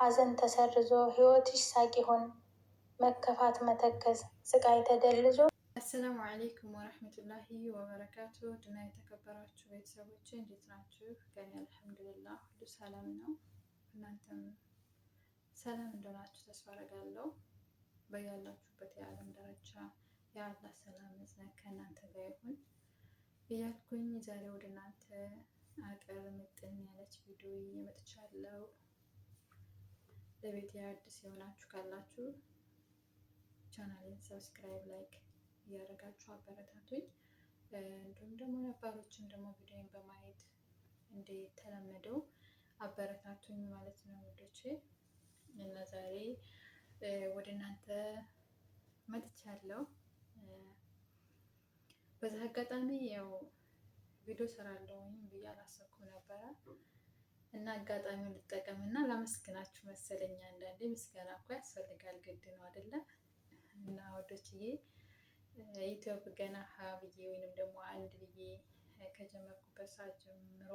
ሐዘን ተሰርዞ ህይወትሽ ሳቅ ይሆን መከፋት መተከዝ ስቃይ ተደልዞ። አሰላሙ አለይኩም ወረህመቱላሂ ወበረካቱ ድና የተከበራችሁ ቤተሰቦች እንዴት ናችሁ? ገና አልሐምዱሊላ ሁሉ ሰላም ነው። እናንተም ሰላም እንደሆናችሁ ተስፋ አደርጋለሁ። በያላችሁበት የዓለም ደረጃ የአላህ ሰላም መጽናት ከእናንተ ጋር ይሁን እያልኩኝ ዛሬ ወደ እናንተ አቅር ምጥን ያለች ቪዲዮ እየመጥቻለሁ። ለቤት አዲስ የሆናችሁ ካላችሁ ቻናሌን ሰብስክራይብ፣ ላይክ እያደረጋችሁ አበረታቱኝ። እንዲሁም ደግሞ ነባሮችን ደግሞ ቪዲዮን በማየት እንደተለመደው አበረታቱኝ ማለት ነው ውዶቼ። እና ዛሬ ወደ እናንተ መጥቻለሁ። በዚህ አጋጣሚ ያው ቪዲዮ ሰራለሁኝ ብዬ አላሰብኩም ነበረ። እና አጋጣሚውን ልጠቀም እና ላመስግናችሁ መሰለኝ። አንዳንዴ ምስጋና እኮ ያስፈልጋል፣ ግድ ነው አይደለም? እና ወዶችዬ ዩቲዩብ ገና ሀ ብዬ ወይንም ደግሞ አንድ ብዬ ከጀመርኩበት ሰዓት ጀምሮ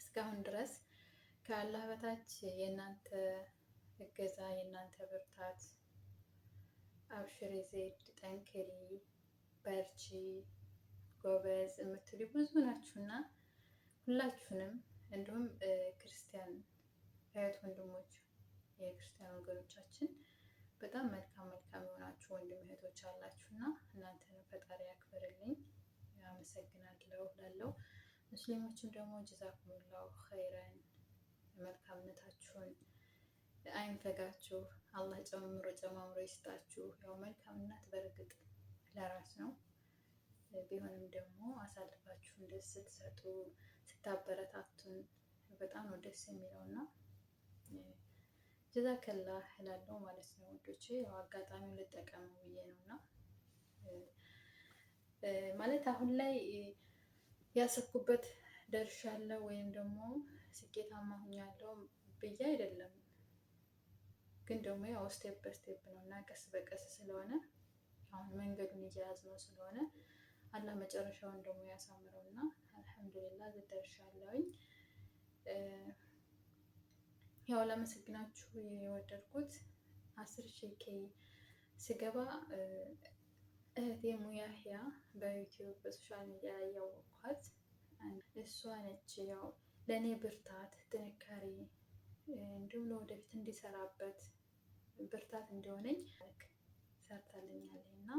እስካሁን ድረስ ከአላህ በታች የእናንተ እገዛ የእናንተ ብርታት፣ አብሽሪ ዜድ፣ ጠንክሪ፣ በርቺ፣ ጎበዝ የምትሉ ብዙ ናችሁና ሁላችሁንም እንዲሁም ክርስቲያን እህት ወንድሞች የክርስቲያን ወገኖቻችን በጣም መልካም መልካም የሆናችሁ ወንድም እህቶች አላችሁ እና እናንተን ፈጣሪ ያክብርልኝ፣ አመሰግናለሁ ላለው ሙስሊሞችን ደግሞ ጀዛኩሙላሁ ኸይረን መልካምነታችሁን አይንፈጋችሁ፣ አላህ ጨምሮ ጨማምሮ ይስጣችሁ። ያው መልካምነት በእርግጥ ለራስ ነው። ቢሆንም ደግሞ አሳልፋችሁ እንደዚህ ስትሰጡ ብታበረታቱን በጣም ነው ደስ የሚለው እና ጀዛከላ እላለሁ ማለት ነው ውዶቼ። ያው አጋጣሚው ልጠቀመው ብዬ ነው እና ማለት አሁን ላይ ያሰብኩበት ደርሻለሁ ወይም ደግሞ ስኬታማ ሁኛለሁ ብዬ አይደለም፣ ግን ደግሞ ያው ስቴፕ በስቴፕ ነው እና ቀስ በቀስ ስለሆነ አሁን መንገዱን እየያዝነው ስለሆነ አላህ መጨረሻውን ደግሞ ያሳምረውና አልሐምዱሊላህ ደርሻለሁኝ። ያው ለመሰግናችሁ የወደድኩት አስር ሺህ ኬ ስገባ እህቴ ሙያህያ በዩቲዩብ በሶሻል ሚዲያ እያወቅኳት እሷ ነች። ያው ለእኔ ብርታት፣ ጥንካሬ እንዲሁም ለወደፊት እንዲሰራበት ብርታት እንዲሆነኝ ሰርታልኛለች እና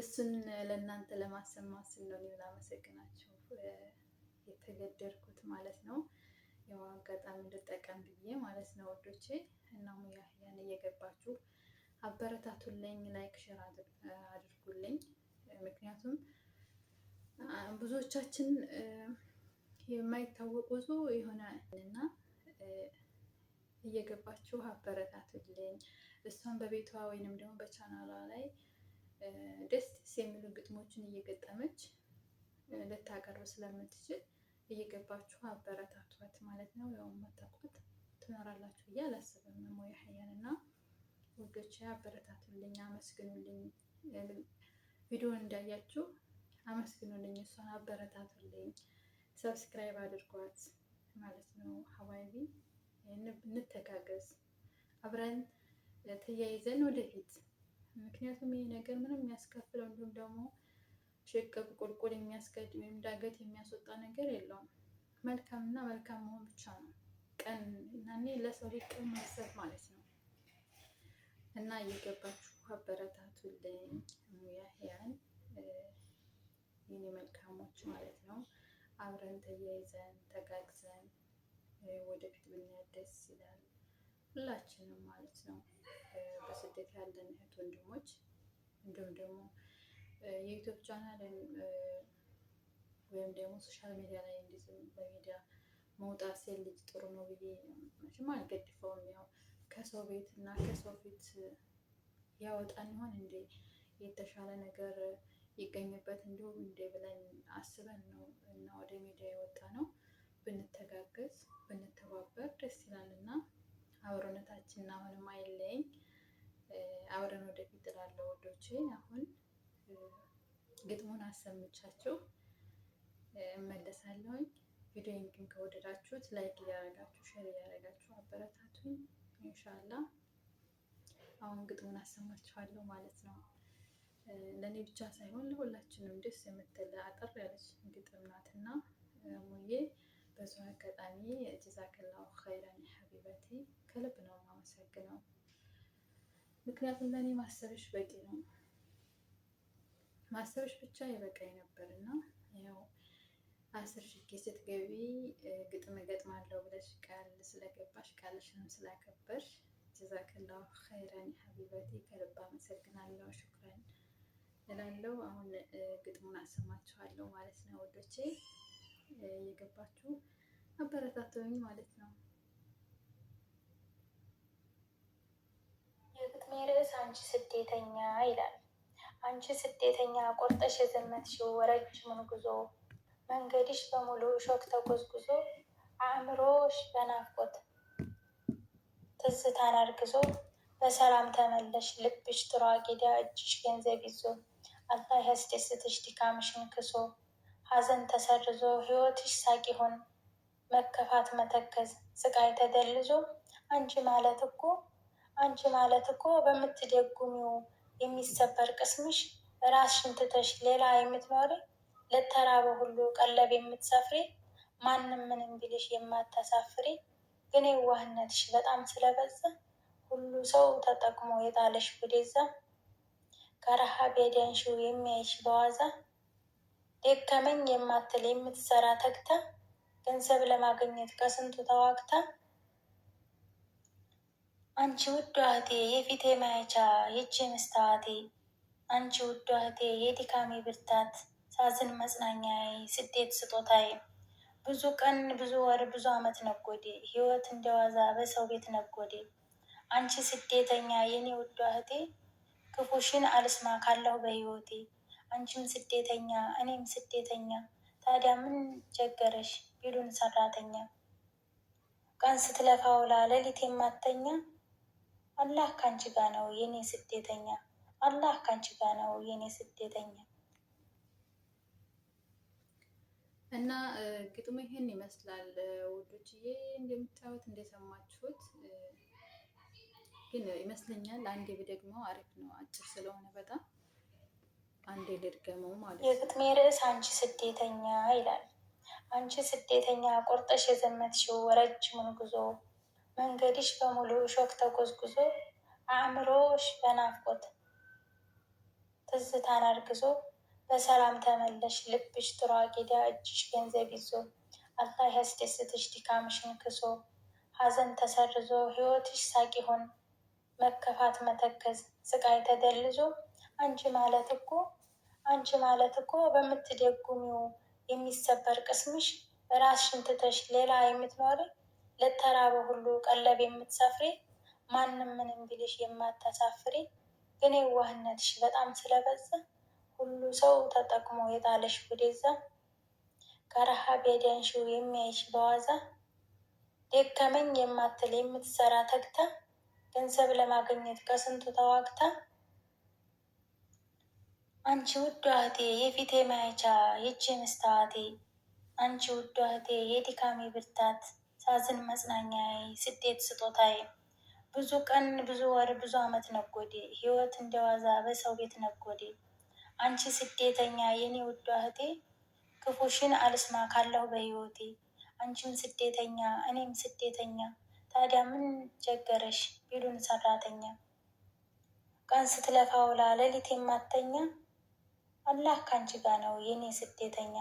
እሱን ለእናንተ ለማሰማት ስል ነው ላመሰግናችሁ የተገደርኩት ማለት ነው። ያው አጋጣሚ እንድጠቀም ብዬ ማለት ነው ወዶቼ እና ሙያ ሙያህያን እየገባችሁ አበረታቱልኝ፣ ላይክ ሸር አድርጉልኝ። ምክንያቱም ብዙዎቻችን የማይታወቁ ብዙ የሆነ እና እየገባችሁ አበረታቱልኝ። እሷን በቤቷ ወይንም ደግሞ በቻናሏ ላይ ደስ ደስ የሚሉ ግጥሞችን እየገጠመች ልታቀርብ ስለምትችል እየገባችሁ አበረታቷት ማለት ነው። ያው መታቆት ትኖራላችሁ ብዬ አላስብም። ሞያ ሀያን እና ውዶች አበረታቱልኝ፣ አመስግኑልኝ። ቪዲዮን እንዳያችሁ አመስግኑልኝ፣ እሷን አበረታቱልኝ፣ ሰብስክራይብ አድርጓት ማለት ነው። ሀዋይቢ እንተጋገዝ፣ አብረን ተያይዘን ወደፊት ምክንያቱም ይህ ነገር ምንም የሚያስከፍለው እንዲሁም ደግሞ ሽቅብ ቁልቁል የሚያስገድ ወይም ዳገት የሚያስወጣ ነገር የለውም። መልካም እና መልካም መሆን ብቻ ነው። ቀን እናኔ ለሰው ልጅ ቀን ማሰብ ማለት ነው እና እየገባችሁ አበረታቱልኝ ሙያህያን የኔ መልካሞች ማለት ነው። አብረን ተያይዘን ተጋግዘን ወደፊት ብናያት ደስ ይላል ሁላችንም ማለት ነው። በስደት ያለን እህት ወንድሞች እንዲሁም ደግሞ የዩቱብ ቻናል ወይም ደግሞ ሶሻል ሚዲያ ላይ እንዴት በሚዲያ መውጣት ሴት ልጅ ጥሩ ነው ብዬ መቼም አልገድፈውም። ያው ከሰው ቤት እና ከሰው ፊት ያወጣን ይሆን እንዴ የተሻለ ነገር ይገኝበት እንዲሁም እንዴ ብለን አስበን ነው እና ወደ ሚዲያ የወጣ ነው። ብንተጋገዝ ብንተባበር ደስ ይላል እና አብሮነታችን አሁንም አይለይ። አብረን ወደፊት እላለሁ ወዶቼ። አሁን ግጥሙን አሰምቻችሁ እመለሳለሁኝ። ቪዲዮን ግን ከወደዳችሁት ላይክ እያደረጋችሁ ሼር እያደረጋችሁ አበረታቱኝ። እንሻላ አሁን ግጥሙን አሰማችኋለሁ ማለት ነው። ለእኔ ብቻ ሳይሆን ለሁላችንም ደስ የምትል አጠር ያለች ግጥም ናትና ሙዬ በዚሁ አጋጣሚ ጀዛከላሁ ኸይረን ሀቢበቲ ከልብ ነው የማመሰግነው። ምክንያቱም ለእኔ ማሰብሽ በቂ ነው፣ ማሰብሽ ብቻ የበቃኝ ነበር እና ያው አስር ሽጌ ስትገቢ ግጥም እገጥማለሁ ብለሽ ቃል ስለገባሽ ቃልሽንም ስላከበርሽ ጀዛከላሁ ኸይረን ሀቢበቲ ከልብ አመሰግናለሁ። ሽኩረን እላለሁ። አሁን ግጥሙን አሰማችኋለሁ ማለት ነው ወዶቼ የገባችሁ አበረታተውኝ ማለት ነው። የግጥሜ ርዕስ አንቺ ስደተኛ ይላል። አንቺ ስደተኛ ቆርጠሽ የዘመትሽው ረጅሙን ጉዞ መንገድሽ በሙሉ እሾክ ተጎዝጉዞ አእምሮሽ በናፍቆት ትዝታን አርግዞ በሰላም ተመለሽ ልብሽ ጥሩ አቂዳ እጅሽ ገንዘብ ይዞ አላህ ያስደስትሽ ድካምሽን ክሶ ሀዘን ተሰርዞ ሕይወትሽ ሳቅ ይሆን መከፋት፣ መተከዝ፣ ስቃይ ተደልዞ አንቺ ማለት እኮ አንቺ ማለት እኮ በምትደጉሚው የሚሰበር ቅስምሽ ራስሽን ትተሽ ሌላ የምትኖሪ ለተራበ ሁሉ ቀለብ የምትሰፍሪ ማንም ምንም ቢልሽ የማታሳፍሪ ግን የዋህነትሽ በጣም ስለበዛ ሁሉ ሰው ተጠቅሞ የጣለሽ ጉዴዛ ከረሃብ የዳንሽው የሚያይሽ በዋዛ ደከመኝ የማትል የምትሰራ ተግታ ገንዘብ ለማግኘት ከስንቱ ተዋግታ አንቺ ውድ እህቴ የፊቴ ማያቻ የቺ መስታወቴ አንቺ ውድ እህቴ የድካሜ ብርታት ሳዝን መጽናኛዬ ስደት ስጦታዬ ብዙ ቀን ብዙ ወር ብዙ ዓመት ነጎዴ ህይወት እንደዋዛ በሰው ቤት ነጎዴ አንቺ ስደተኛ የኔ ውድ እህቴ ክፉሽን አልስማ ካለሁ በህይወቴ አንቺም ስደተኛ እኔም ስደተኛ ታዲያ ምን ቸገረሽ? ቢሉን ሰራተኛ ቀን ስትለፋ ውላ ሌሊት የማተኛ አላህ ካንቺ ጋ ነው የኔ ስደተኛ አላህ ካንቺ ጋ ነው የኔ ስደተኛ። እና ግጥሙ ይሄን ይመስላል ውዶችዬ፣ እንደምታዩት እንደሰማችሁት ግን ይመስለኛል አንዴ ብደግመው አሪፍ ነው፣ አጭር ስለሆነ በጣም አንዴ ልድገመው ማለት ነው። የግጥሜ ርዕስ አንቺ ስደተኛ ይላል። አንቺ ስደተኛ ቆርጠሽ የዘመትሽው ረጅሙን ጉዞ መንገድሽ በሙሉ እሾክ ተጎዝጉዞ አእምሮሽ በናፍቆት ትዝታን አርግዞ በሰላም ተመለሽ ልብሽ ጥሩ አቂዳ እጅሽ ገንዘብ ይዞ አላህ ያስደስትሽ ድካምሽን ክሶ ሐዘን ተሰርዞ ሕይወትሽ ሳቅ ይሆን መከፋት መተከዝ ስቃይ ተደልዞ አንቺ ማለት እኮ አንቺ ማለት እኮ በምትደጉሚው የሚሰበር ቅስምሽ ራስሽን ትተሽ ሌላ የምትኖሪ ለተራበ ሁሉ ቀለብ የምትሰፍሪ ማንም ምንም ቢልሽ የማታሳፍሪ ግን የዋህነትሽ በጣም ስለበዛ ሁሉ ሰው ተጠቅሞ የጣለሽ ወደዛ ከረሃብ የዳንሽው የሚያይሽ በዋዛ ደከመኝ የማትል የምትሰራ ተግታ ገንዘብ ለማግኘት ከስንቱ ተዋግታ አንቺ ውዷ እህቴ የፊቴ መያቻ ይቺ መስታወቴ፣ አንቺ ውዷ እህቴ የድካሜ ብርታት፣ ሳዝን መጽናኛዬ፣ ስደት ስጦታዬ፣ ብዙ ቀን ብዙ ወር ብዙ አመት ነጎዴ፣ ህይወት እንደዋዛ በሰው ቤት ነጎዴ። አንቺ ስደተኛ የኔ ውዷ እህቴ፣ ክፉሽን አልስማ ካለሁ በህይወቴ። አንቺም ስደተኛ እኔም ስደተኛ፣ ታዲያ ምን ቸገረሽ ቢሉን ሰራተኛ፣ ቀን ስትለፋውላ ሌሊት የማተኛ አላህ ካንቺ ጋ ነው የኔ ስደተኛ፣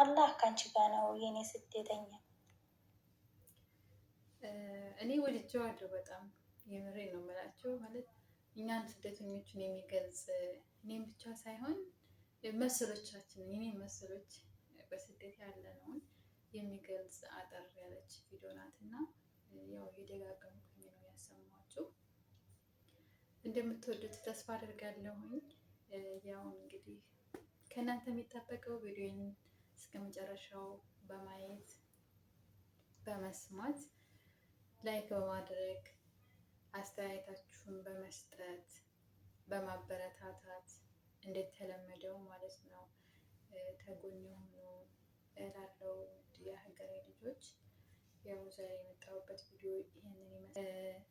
አላህ ካንቺ ጋ ነው የኔ ስደተኛ። እኔ ወድጄዋለሁ በጣም የምሬ ነው የምላቸው። ማለት እኛን ስደተኞችን የሚገልጽ እኔም ብቻ ሳይሆን መሰሎቻችን የኔ መሰሎች በስደት ያለነውን የሚገልጽ አጠር ያለች ቪዲዮ ናት እና ያው የደጋገምኩኝ ነው ያሰማችሁ። እንደምትወዱት ተስፋ አድርጋለሁኝ። ያው እንግዲህ ከእናንተ የሚጠበቀው ቪዲዮን እስከ መጨረሻው በማየት በመስማት ላይክ በማድረግ አስተያየታችሁን በመስጠት በማበረታታት እንደተለመደው ማለት ነው ተጎኝ የሆኑ ላለው የሀገሬ ልጆች ያው ዛሬ የመጣሁበት ቪዲዮ ይህንን ይመስላል።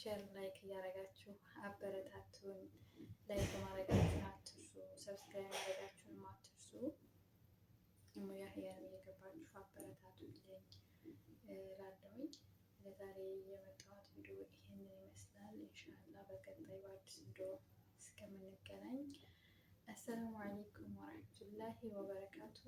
ሼር ላይክ እያደረጋችሁ አበረታቱን። ላይክ ማድረጋችሁን አትርሱ። ሰብስክራይብ ሙያ ህያብ እየገባችሁ አበረታቱኝ እላለሁኝ። ለዛሬ የመጣሁት ቪዲዮ ይህንን ይመስላል። ኢንሻላ በቀጣይ በአዲስ ቪዲዮ እስከምንገናኝ አሰላሙ አለይኩም ወረህመቱላሂ ወበረካቱ።